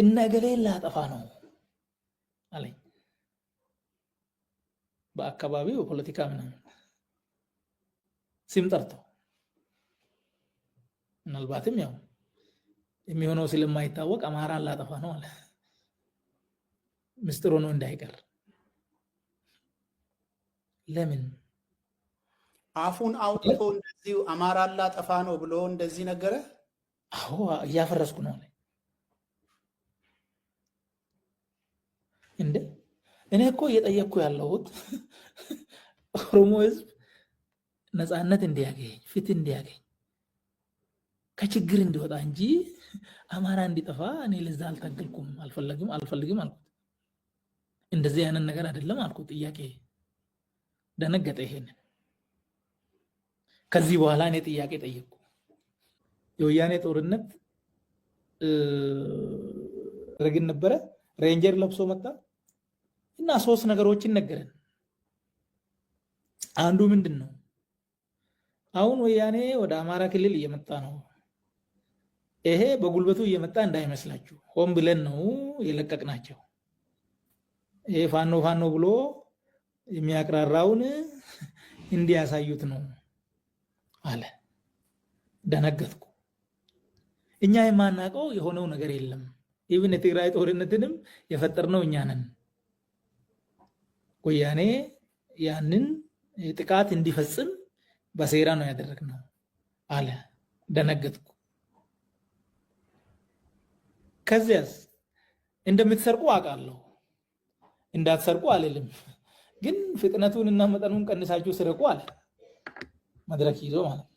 እነ እገሌን ላጠፋ ነው አለኝ። በአካባቢው ፖለቲካ ምናምን ስም ጠርቶ ምናልባትም ያው የሚሆነው ስለማይታወቅ አማራን ላጠፋ ነው አለ። ምስጢሩ ነው እንዳይቀር ለምን አፉን አውጥቶ እንደዚሁ አማራን ላጠፋ ነው ብሎ እንደዚህ ነገረ። አዎ እያፈረስኩ ነው አለ። እንደ እኔ እኮ እየጠየቅኩ ያለሁት ኦሮሞ ህዝብ ነፃነት እንዲያገኝ ፍትህ እንዲያገኝ ከችግር እንዲወጣ እንጂ አማራ እንዲጠፋ እኔ ለዛ አልታገልኩም፣ አልፈለግም አልፈልግም አልኩት። እንደዚህ አይነት ነገር አይደለም አልኩት። ጥያቄ ደነገጠ። ይሄንን ከዚህ በኋላ እኔ ጥያቄ ጠየቅኩ። የወያኔ ጦርነት ረግን ነበረ። ሬንጀር ለብሶ መጣ። እና ሶስት ነገሮች ይነገረን። አንዱ ምንድን ነው? አሁን ወያኔ ወደ አማራ ክልል እየመጣ ነው። ይሄ በጉልበቱ እየመጣ እንዳይመስላችሁ፣ ሆን ብለን ነው የለቀቅናቸው። ይሄ ፋኖ ፋኖ ብሎ የሚያቅራራውን እንዲያሳዩት ነው አለ። ደነገጥኩ። እኛ የማናውቀው የሆነው ነገር የለም። ኢቭን የትግራይ ጦርነትንም የፈጠርነው እኛ ነን። ወያኔ ያንን ጥቃት እንዲፈጽም በሴራ ነው ያደረግነው አለ። ደነገጥኩ። ከዚያስ እንደምትሰርቁ አውቃለሁ፣ እንዳትሰርቁ አልልም፣ ግን ፍጥነቱን እና መጠኑን ቀንሳችሁ ስረቁ አለ መድረክ ይዞ ማለት